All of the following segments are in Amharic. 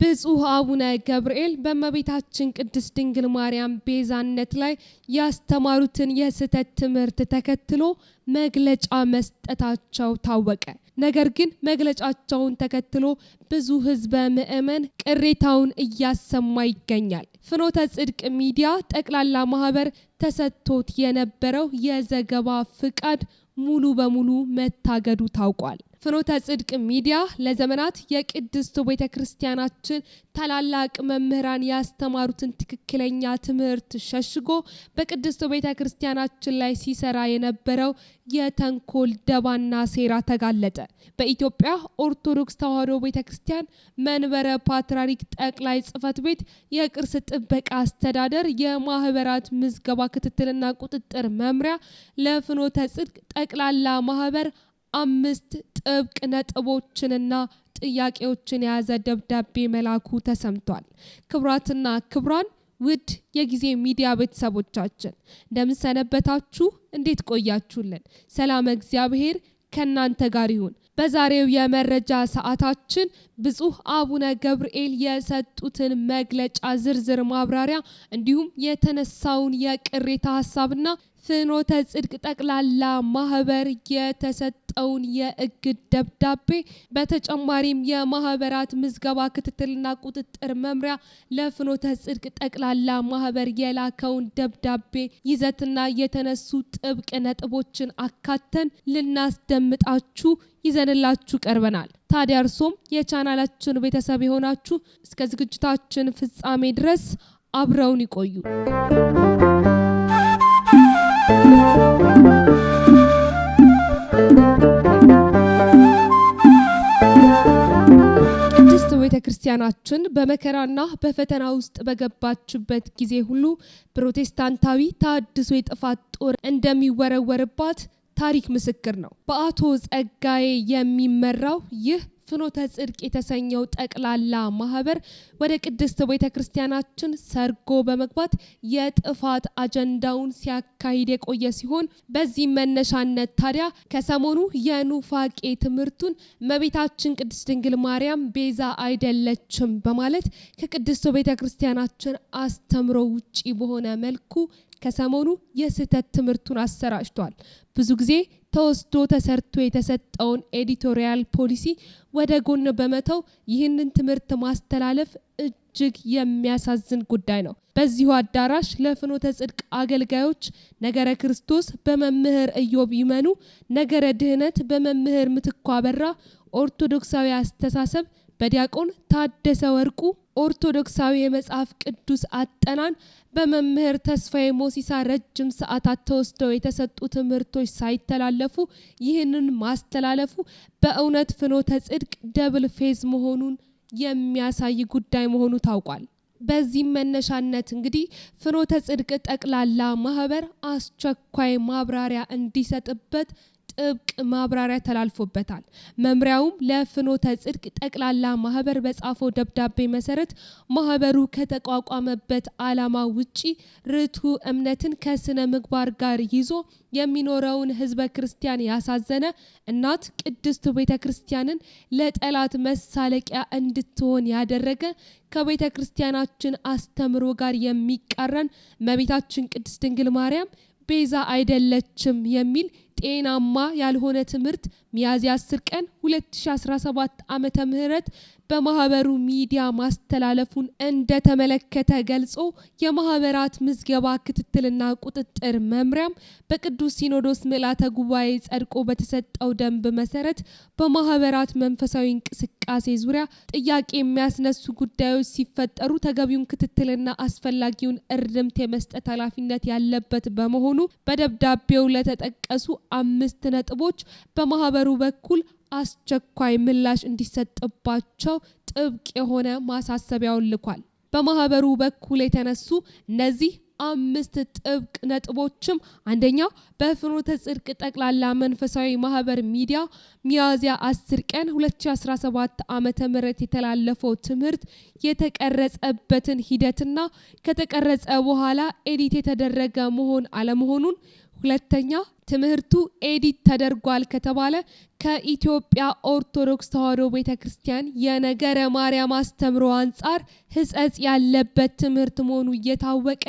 ብፁዕ አቡነ ገብርኤል በእመቤታችን ቅድስት ድንግል ማርያም ቤዛነት ላይ ያስተማሩትን የስህተት ትምህርት ተከትሎ መግለጫ መስጠታቸው ታወቀ። ነገር ግን መግለጫቸውን ተከትሎ ብዙ ህዝበ ምእመን ቅሬታውን እያሰማ ይገኛል። ፍኖተ ጽድቅ ሚዲያ ጠቅላላ ማህበር ተሰጥቶት የነበረው የዘገባ ፍቃድ ሙሉ በሙሉ መታገዱ ታውቋል። ፍኖተ ጽድቅ ሚዲያ ለዘመናት የቅድስት ቤተ ክርስቲያናችን ታላላቅ መምህራን ያስተማሩትን ትክክለኛ ትምህርት ሸሽጎ በቅድስት ቤተ ክርስቲያናችን ላይ ሲሰራ የነበረው የተንኮል ደባና ሴራ ተጋለጠ። በኢትዮጵያ ኦርቶዶክስ ተዋሕዶ ቤተ ክርስቲያን መንበረ ፓትርያርክ ጠቅላይ ጽሕፈት ቤት የቅርስ ጥበቃ አስተዳደር የማህበራት ምዝገባ ክትትልና ቁጥጥር መምሪያ ለፍኖተ ጽድቅ ጠቅላላ ማህበር አምስት ጥብቅ ነጥቦችንና ጥያቄዎችን የያዘ ደብዳቤ መላኩ ተሰምቷል። ክብራትና ክብራን ውድ የጊዜ ሚዲያ ቤተሰቦቻችን እንደምንሰነበታችሁ፣ እንዴት ቆያችሁልን? ሰላም እግዚአብሔር ከእናንተ ጋር ይሁን። በዛሬው የመረጃ ሰዓታችን ብፁዕ አቡነ ገብርኤል የሰጡትን መግለጫ ዝርዝር ማብራሪያ እንዲሁም የተነሳውን የቅሬታ ሀሳብና ፍኖተ ጽድቅ ጠቅላላ ማህበር የተሰጠውን የእግድ ደብዳቤ በተጨማሪም የማህበራት ምዝገባ ክትትልና ቁጥጥር መምሪያ ለፍኖተ ጽድቅ ጠቅላላ ማህበር የላከውን ደብዳቤ ይዘትና የተነሱ ጥብቅ ነጥቦችን አካተን ልናስደምጣችሁ ይዘንላችሁ ቀርበናል። ታዲያ እርሶም የቻናላችን ቤተሰብ የሆናችሁ እስከ ዝግጅታችን ፍጻሜ ድረስ አብረውን ይቆዩ። ቤተ ክርስቲያናችን በመከራና በፈተና ውስጥ በገባችበት ጊዜ ሁሉ ፕሮቴስታንታዊ ታድሶ የጥፋት ጦር እንደሚወረወርባት ታሪክ ምስክር ነው። በአቶ ጸጋዬ የሚመራው ይህ ፍኖተ ጽድቅ የተሰኘው ጠቅላላ ማህበር ወደ ቅድስት ቤተ ክርስቲያናችን ሰርጎ በመግባት የጥፋት አጀንዳውን ሲያካሂድ የቆየ ሲሆን በዚህ መነሻነት ታዲያ ከሰሞኑ የኑፋቄ ትምህርቱን መቤታችን ቅድስት ድንግል ማርያም ቤዛ አይደለችም በማለት ከቅድስት ቤተ ክርስቲያናችን አስተምሮ ውጪ በሆነ መልኩ ከሰሞኑ የስህተት ትምህርቱን አሰራጭቷል። ብዙ ጊዜ ተወስዶ ተሰርቶ የተሰጠውን ኤዲቶሪያል ፖሊሲ ወደ ጎን በመተው ይህንን ትምህርት ማስተላለፍ እጅግ የሚያሳዝን ጉዳይ ነው። በዚሁ አዳራሽ ለፍኖተ ጽድቅ አገልጋዮች ነገረ ክርስቶስ በመምህር እዮብ ይመኑ፣ ነገረ ድህነት በመምህር ምትኳ በራ፣ ኦርቶዶክሳዊ አስተሳሰብ በዲያቆን ታደሰ ወርቁ ኦርቶዶክሳዊ የመጽሐፍ ቅዱስ አጠናን በመምህር ተስፋዬ ሞሲሳ ረጅም ሰዓታት ተወስደው የተሰጡ ትምህርቶች ሳይተላለፉ ይህንን ማስተላለፉ በእውነት ፍኖተ ጽድቅ ደብል ፌዝ መሆኑን የሚያሳይ ጉዳይ መሆኑ ታውቋል። በዚህም መነሻነት እንግዲህ ፍኖተ ጽድቅ ጠቅላላ ማህበር አስቸኳይ ማብራሪያ እንዲሰጥበት ጥብቅ ማብራሪያ ተላልፎበታል። መምሪያውም ለፍኖተ ጽድቅ ጠቅላላ ማህበር በጻፈው ደብዳቤ መሰረት ማህበሩ ከተቋቋመበት ዓላማ ውጪ ርቱ እምነትን ከስነ ምግባር ጋር ይዞ የሚኖረውን ህዝበ ክርስቲያን ያሳዘነ እናት ቅድስት ቤተ ክርስቲያንን ለጠላት መሳለቂያ እንድትሆን ያደረገ ከቤተ ክርስቲያናችን አስተምሮ ጋር የሚቃረን እመቤታችን ቅድስት ድንግል ማርያም ቤዛ አይደለችም የሚል ጤናማ ያልሆነ ትምህርት ሚያዝያ 10 ቀን 2017 ዓመተ ምህረት በማህበሩ ሚዲያ ማስተላለፉን እንደተመለከተ ገልጾ የማህበራት ምዝገባ ክትትልና ቁጥጥር መምሪያም በቅዱስ ሲኖዶስ ምልዓተ ጉባኤ ጸድቆ በተሰጠው ደንብ መሰረት በማህበራት መንፈሳዊ እንቅስቃሴ ዙሪያ ጥያቄ የሚያስነሱ ጉዳዮች ሲፈጠሩ ተገቢውን ክትትልና አስፈላጊውን እርምት የመስጠት ኃላፊነት ያለበት በመሆኑ በደብዳቤው ለተጠቀሱ አምስት ነጥቦች በማህበሩ በኩል አስቸኳይ ምላሽ እንዲሰጥባቸው ጥብቅ የሆነ ማሳሰቢያውን ልኳል። በማህበሩ በኩል የተነሱ እነዚህ አምስት ጥብቅ ነጥቦችም አንደኛው በፍኖተ ጽድቅ ጠቅላላ መንፈሳዊ ማህበር ሚዲያ ሚያዝያ 10 ቀን 2017 ዓመተ ምህረት የተላለፈው ትምህርት የተቀረጸበትን ሂደትና ከተቀረጸ በኋላ ኤዲት የተደረገ መሆን አለመሆኑን ሁለተኛ ትምህርቱ ኤዲት ተደርጓል ከተባለ ከኢትዮጵያ ኦርቶዶክስ ተዋሕዶ ቤተ ክርስቲያን የነገረ ማርያም አስተምሮ አንጻር ሕጸጽ ያለበት ትምህርት መሆኑ እየታወቀ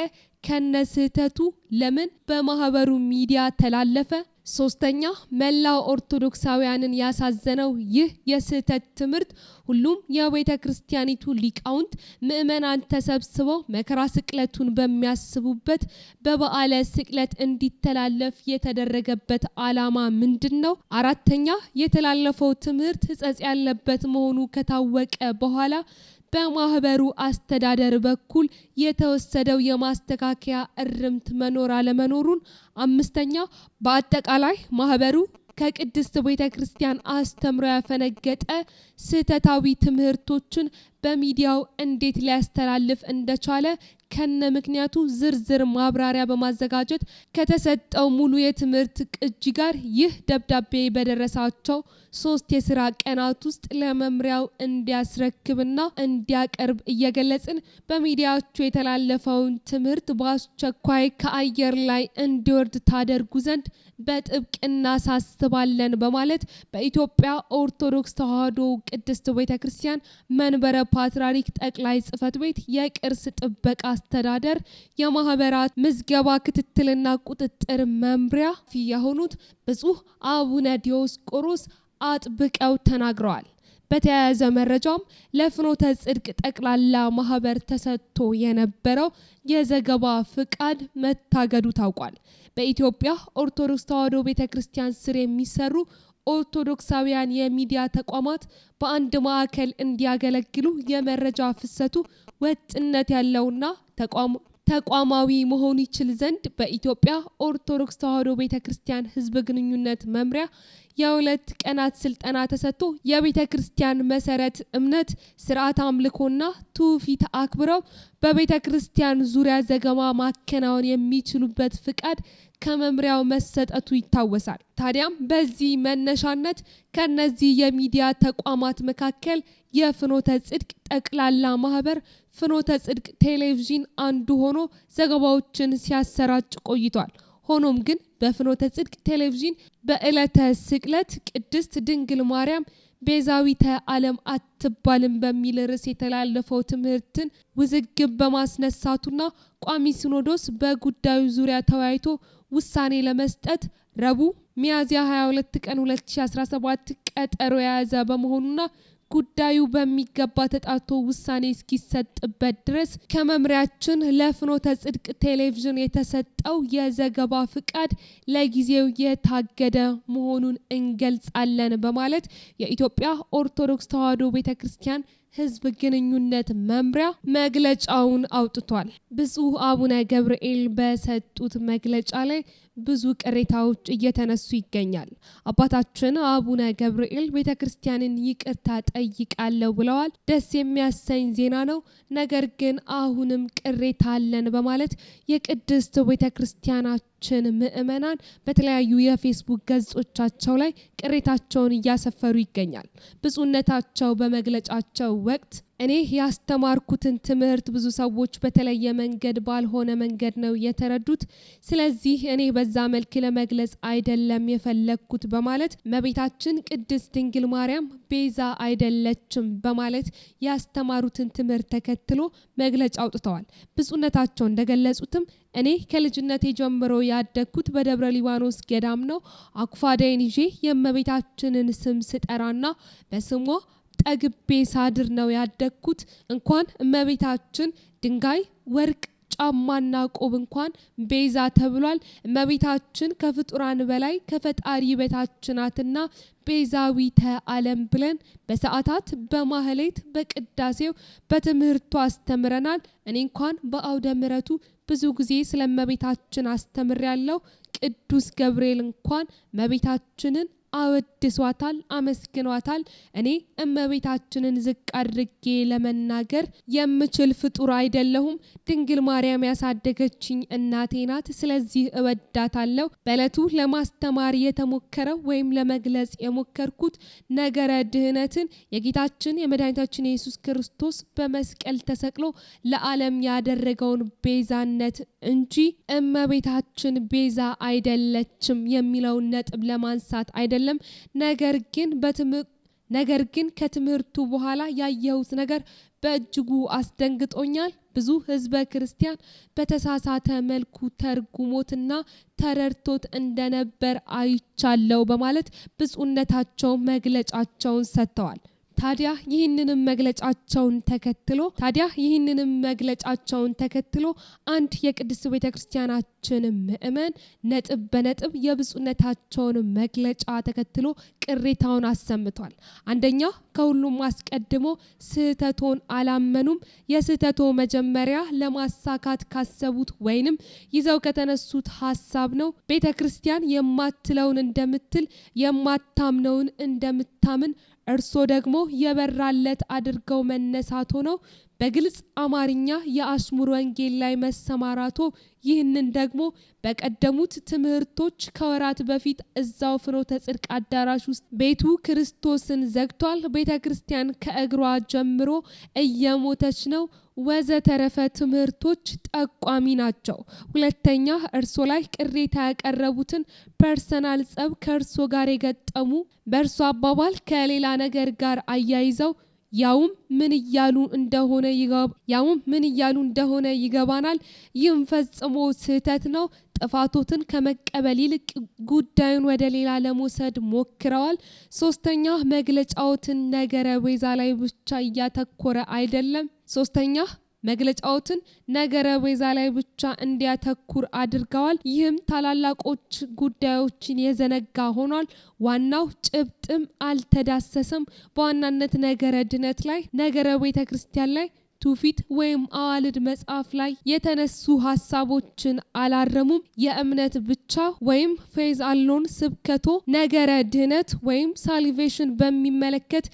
ከነ ስህተቱ ለምን በማህበሩ ሚዲያ ተላለፈ? ሶስተኛ መላው ኦርቶዶክሳውያንን ያሳዘነው ይህ የስህተት ትምህርት ሁሉም የቤተ ክርስቲያኒቱ ሊቃውንት ምእመናን ተሰብስበው መከራ ስቅለቱን በሚያስቡበት በበዓለ ስቅለት እንዲተላለፍ የተደረገበት ዓላማ ምንድን ነው? አራተኛ የተላለፈው ትምህርት ሕጸጽ ያለበት መሆኑ ከታወቀ በኋላ በማህበሩ አስተዳደር በኩል የተወሰደው የማስተካከያ እርምት መኖር አለመኖሩን፣ አምስተኛ በአጠቃላይ ማህበሩ ከቅድስት ቤተ ክርስቲያን አስተምሮ ያፈነገጠ ስህተታዊ ትምህርቶችን በሚዲያው እንዴት ሊያስተላልፍ እንደቻለ ከነ ምክንያቱ ዝርዝር ማብራሪያ በማዘጋጀት ከተሰጠው ሙሉ የትምህርት ቅጂ ጋር ይህ ደብዳቤ በደረሳቸው ሶስት የስራ ቀናት ውስጥ ለመምሪያው እንዲያስረክብና እንዲያቀርብ እየገለጽን በሚዲያዎቹ የተላለፈውን ትምህርት በአስቸኳይ ከአየር ላይ እንዲወርድ ታደርጉ ዘንድ በጥብቅ እናሳስባለን በማለት በኢትዮጵያ ኦርቶዶክስ ተዋሕዶ ቅድስት ቤተ ክርስቲያን መንበረ የፓትርያርክ ጠቅላይ ጽሕፈት ቤት የቅርስ ጥበቃ አስተዳደር የማህበራት ምዝገባ ክትትልና ቁጥጥር መምሪያ ኃላፊ የሆኑት ብፁዕ አቡነ ዲዮስቆሮስ አጥብቀው ተናግረዋል። በተያያዘ መረጃም ለፍኖተ ጽድቅ ጠቅላላ ማህበር ተሰጥቶ የነበረው የዘገባ ፍቃድ መታገዱ ታውቋል። በኢትዮጵያ ኦርቶዶክስ ተዋሕዶ ቤተ ክርስቲያን ስር የሚሰሩ ኦርቶዶክሳውያን የሚዲያ ተቋማት በአንድ ማዕከል እንዲያገለግሉ የመረጃ ፍሰቱ ወጥነት ያለውና ተቋማዊ መሆን ይችል ዘንድ በኢትዮጵያ ኦርቶዶክስ ተዋሕዶ ቤተ ክርስቲያን ሕዝብ ግንኙነት መምሪያ የሁለት ቀናት ስልጠና ተሰጥቶ የቤተ ክርስቲያን መሰረት እምነት፣ ስርዓት አምልኮና ትውፊት አክብረው በቤተ ክርስቲያን ዙሪያ ዘገባ ማከናወን የሚችሉበት ፍቃድ ከመምሪያው መሰጠቱ ይታወሳል። ታዲያም በዚህ መነሻነት ከነዚህ የሚዲያ ተቋማት መካከል የፍኖተ ጽድቅ ጠቅላላ ማህበር ፍኖተ ጽድቅ ቴሌቪዥን አንዱ ሆኖ ዘገባዎችን ሲያሰራጭ ቆይቷል። ሆኖም ግን በፍኖተ ጽድቅ ቴሌቪዥን በዕለተ ስቅለት ቅድስት ድንግል ማርያም ቤዛዊተ ዓለም አትባልም በሚል ርዕስ የተላለፈው ትምህርትን ውዝግብ በማስነሳቱና ቋሚ ሲኖዶስ በጉዳዩ ዙሪያ ተወያይቶ ውሳኔ ለመስጠት ረቡዕ ሚያዝያ 22 ቀን 2017 ቀጠሮ የያዘ በመሆኑና ጉዳዩ በሚገባ ተጣቶ ውሳኔ እስኪሰጥበት ድረስ ከመምሪያችን ለፍኖተ ጽድቅ ቴሌቪዥን የተሰጠው የዘገባ ፍቃድ ለጊዜው የታገደ መሆኑን እንገልጻለን በማለት የኢትዮጵያ ኦርቶዶክስ ተዋሕዶ ቤተ ክርስቲያን ሕዝብ ግንኙነት መምሪያ መግለጫውን አውጥቷል። ብፁዕ አቡነ ገብርኤል በሰጡት መግለጫ ላይ ብዙ ቅሬታዎች እየተነሱ ይገኛል። አባታችን አቡነ ገብርኤል ቤተ ክርስቲያንን ይቅርታ ጠይቃለሁ ብለዋል። ደስ የሚያሰኝ ዜና ነው። ነገር ግን አሁንም ቅሬታ አለን በማለት የቅድስት ቤተ ክርስቲያናችን ምዕመናን በተለያዩ የፌስቡክ ገጾቻቸው ላይ ቅሬታቸውን እያሰፈሩ ይገኛል። ብፁዕነታቸው በመግለጫቸው ወቅት እኔ ያስተማርኩትን ትምህርት ብዙ ሰዎች በተለየ መንገድ ባልሆነ መንገድ ነው የተረዱት። ስለዚህ እኔ በዛ መልክ ለመግለጽ አይደለም የፈለግኩት በማለት እመቤታችን ቅድስት ድንግል ማርያም ቤዛ አይደለችም በማለት ያስተማሩትን ትምህርት ተከትሎ መግለጫ አውጥተዋል። ብፁዕነታቸው እንደገለጹትም እኔ ከልጅነቴ ጀምሮ ያደግኩት በደብረ ሊባኖስ ገዳም ነው። አኩፋዳይን ይዤ የእመቤታችንን ስም ስጠራና በስሟ ጠግቤ ሳድር ነው ያደግኩት። እንኳን እመቤታችን ድንጋይ፣ ወርቅ ጫማና ቆብ እንኳን ቤዛ ተብሏል። እመቤታችን ከፍጡራን በላይ ከፈጣሪ በታች ናትና ቤዛዊተ ዓለም ብለን በሰዓታት በማህሌት በቅዳሴው በትምህርቱ አስተምረናል። እኔ እንኳን በአውደ ምረቱ ብዙ ጊዜ ስለ እመቤታችን አስተምር ያለው ቅዱስ ገብርኤል እንኳን እመቤታችንን አወድሷታል፣ አመስግኗታል። እኔ እመቤታችንን ዝቅ አድርጌ ለመናገር የምችል ፍጡር አይደለሁም። ድንግል ማርያም ያሳደገችኝ እናቴ ናት። ስለዚህ እወዳታለሁ። በእለቱ ለማስተማር የተሞከረው ወይም ለመግለጽ የሞከርኩት ነገረ ድህነትን የጌታችን የመድኃኒታችን የኢየሱስ ክርስቶስ በመስቀል ተሰቅሎ ለዓለም ያደረገውን ቤዛነት እንጂ እመቤታችን ቤዛ አይደለችም የሚለውን ነጥብ ለማንሳት አይደለም። አይደለም። ነገር ግን በትምህርት ነገር ግን ከትምህርቱ በኋላ ያየሁት ነገር በእጅጉ አስደንግጦኛል። ብዙ ህዝበ ክርስቲያን በተሳሳተ መልኩ ተርጉሞትና ተረድቶት እንደነበር አይቻለው በማለት ብፁዕነታቸው መግለጫቸውን ሰጥተዋል። ታዲያ ይህንንም መግለጫቸውን ተከትሎ ታዲያ ይህንንም መግለጫቸውን ተከትሎ አንድ የቅድስት ቤተ ክርስቲያናችን ምእመን ነጥብ በነጥብ የብፁዕነታቸውን መግለጫ ተከትሎ ቅሬታውን አሰምቷል። አንደኛ፣ ከሁሉም አስቀድሞ ስህተቶን አላመኑም። የስህተቶ መጀመሪያ ለማሳካት ካሰቡት ወይንም ይዘው ከተነሱት ሀሳብ ነው። ቤተ ክርስቲያን የማትለውን እንደምትል የማታምነውን እንደምታምን እርሶ ደግሞ የበራለት አድርገው መነሳቶ ነው። በግልጽ አማርኛ የአሽሙር ወንጌል ላይ መሰማራቶ ይህንን ደግሞ በቀደሙት ትምህርቶች ከወራት በፊት እዛው ፍኖተ ጽድቅ አዳራሽ ውስጥ ቤቱ ክርስቶስን ዘግቷል፣ ቤተ ክርስቲያን ከእግሯ ጀምሮ እየሞተች ነው ወዘተረፈ ትምህርቶች ጠቋሚ ናቸው። ሁለተኛ እርሶ ላይ ቅሬታ ያቀረቡትን ፐርሰናል ጸብ ከእርሶ ጋር የገጠሙ በእርሶ አባባል ከሌላ ነገር ጋር አያይዘው ያውም ምን እያሉ እንደሆነ ያውም ምን እያሉ እንደሆነ ይገባናል። ይህም ፈጽሞ ስህተት ነው። ጥፋቶትን ከመቀበል ይልቅ ጉዳዩን ወደ ሌላ ለመውሰድ ሞክረዋል። ሶስተኛ መግለጫዎትን ነገረ ቤዛ ላይ ብቻ እያተኮረ አይደለም። ሶስተኛ መግለጫዎትን ነገረ ቤዛ ላይ ብቻ እንዲያተኩር አድርገዋል። ይህም ታላላቆች ጉዳዮችን የዘነጋ ሆኗል። ዋናው ጭብጥም አልተዳሰሰም። በዋናነት ነገረ ድነት ላይ፣ ነገረ ቤተ ክርስቲያን ላይ ትውፊት ወይም አዋልድ መጽሐፍ ላይ የተነሱ ሀሳቦችን አላረሙም። የእምነት ብቻ ወይም ፌዝ አሎን ስብከቶ ነገረ ድህነት ወይም ሳልቬሽን በሚመለከት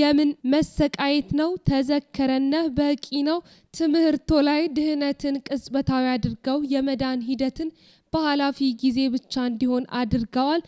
የምን መሰቃየት ነው ተዘከረነ በቂ ነው ትምህርቶ ላይ ድህነትን ቅጽበታዊ አድርገው የመዳን ሂደትን በኃላፊ ጊዜ ብቻ እንዲሆን አድርገዋል።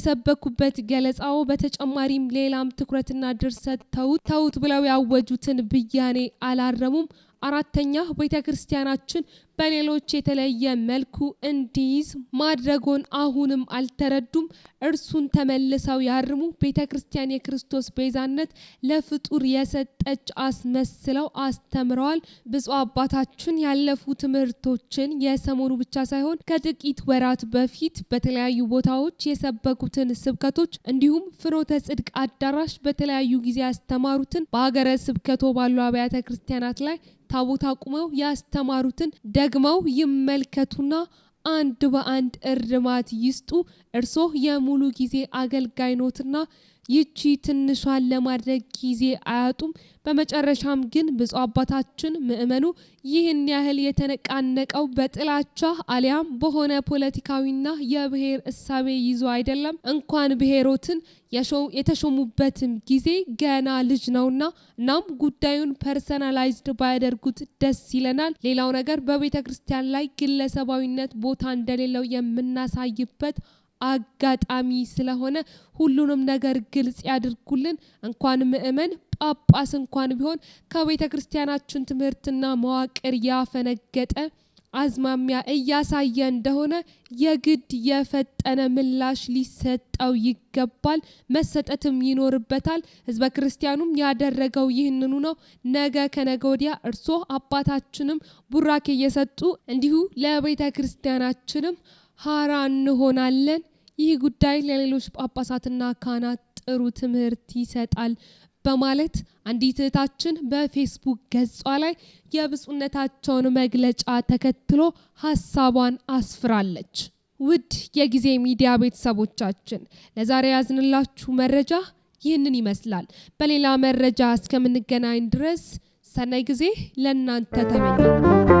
የሰበኩበት ገለጻው በተጨማሪም ሌላም ትኩረትና ድርሰት ተውት ተውት ብለው ያወጁትን ብያኔ አላረሙም። አራተኛ ቤተ ክርስቲያናችን በሌሎች የተለየ መልኩ እንዲይዝ ማድረጎን አሁንም አልተረዱም። እርሱን ተመልሰው ያርሙ። ቤተ ክርስቲያን የክርስቶስ ቤዛነት ለፍጡር የሰጠች አስመስለው አስተምረዋል። ብፁዕ አባታችን ያለፉ ትምህርቶችን የሰሞኑ ብቻ ሳይሆን ከጥቂት ወራት በፊት በተለያዩ ቦታዎች የሰበኩትን ስብከቶች እንዲሁም ፍኖተ ጽድቅ አዳራሽ በተለያዩ ጊዜ ያስተማሩትን በሀገረ ስብከቶ ባሉ አብያተ ክርስቲያናት ላይ ታቦት አቁመው ያስተማሩትን ደግመው ይመልከቱና አንድ በአንድ እርማት ይስጡ። እርሶ የሙሉ ጊዜ አገልጋይ ኖትና ይቺ ትንሿን ለማድረግ ጊዜ አያጡም። በመጨረሻም ግን ብፁዕ አባታችን ምዕመኑ ይህን ያህል የተነቃነቀው በጥላቻ አሊያም በሆነ ፖለቲካዊና የብሔር እሳቤ ይዞ አይደለም። እንኳን ብሔሮትን የተሾሙበትም ጊዜ ገና ልጅ ነውና፣ እናም ጉዳዩን ፐርሰናላይዝድ ባያደርጉት ደስ ይለናል። ሌላው ነገር በቤተ ክርስቲያን ላይ ግለሰባዊነት ቦታ እንደሌለው የምናሳይበት አጋጣሚ ስለሆነ ሁሉንም ነገር ግልጽ ያድርጉልን። እንኳን ምእመን ጳጳስ እንኳን ቢሆን ከቤተ ክርስቲያናችን ትምህርትና መዋቅር ያፈነገጠ አዝማሚያ እያሳየ እንደሆነ የግድ የፈጠነ ምላሽ ሊሰጠው ይገባል፣ መሰጠትም ይኖርበታል። ህዝበ ክርስቲያኑም ያደረገው ይህንኑ ነው። ነገ ከነገ ወዲያ እርሶ አባታችንም ቡራኬ እየሰጡ እንዲሁ ለቤተ ክርስቲያናችንም ሀራ እንሆናለን። ይህ ጉዳይ ለሌሎች ጳጳሳትና ካህናት ጥሩ ትምህርት ይሰጣል በማለት አንዲት እህታችን በፌስቡክ ገጿ ላይ የብፁዕነታቸውን መግለጫ ተከትሎ ሀሳቧን አስፍራለች። ውድ የጊዜ ሚዲያ ቤተሰቦቻችን ለዛሬ ያዝንላችሁ መረጃ ይህንን ይመስላል። በሌላ መረጃ እስከምንገናኝ ድረስ ሰናይ ጊዜ ለእናንተ ተመኘ።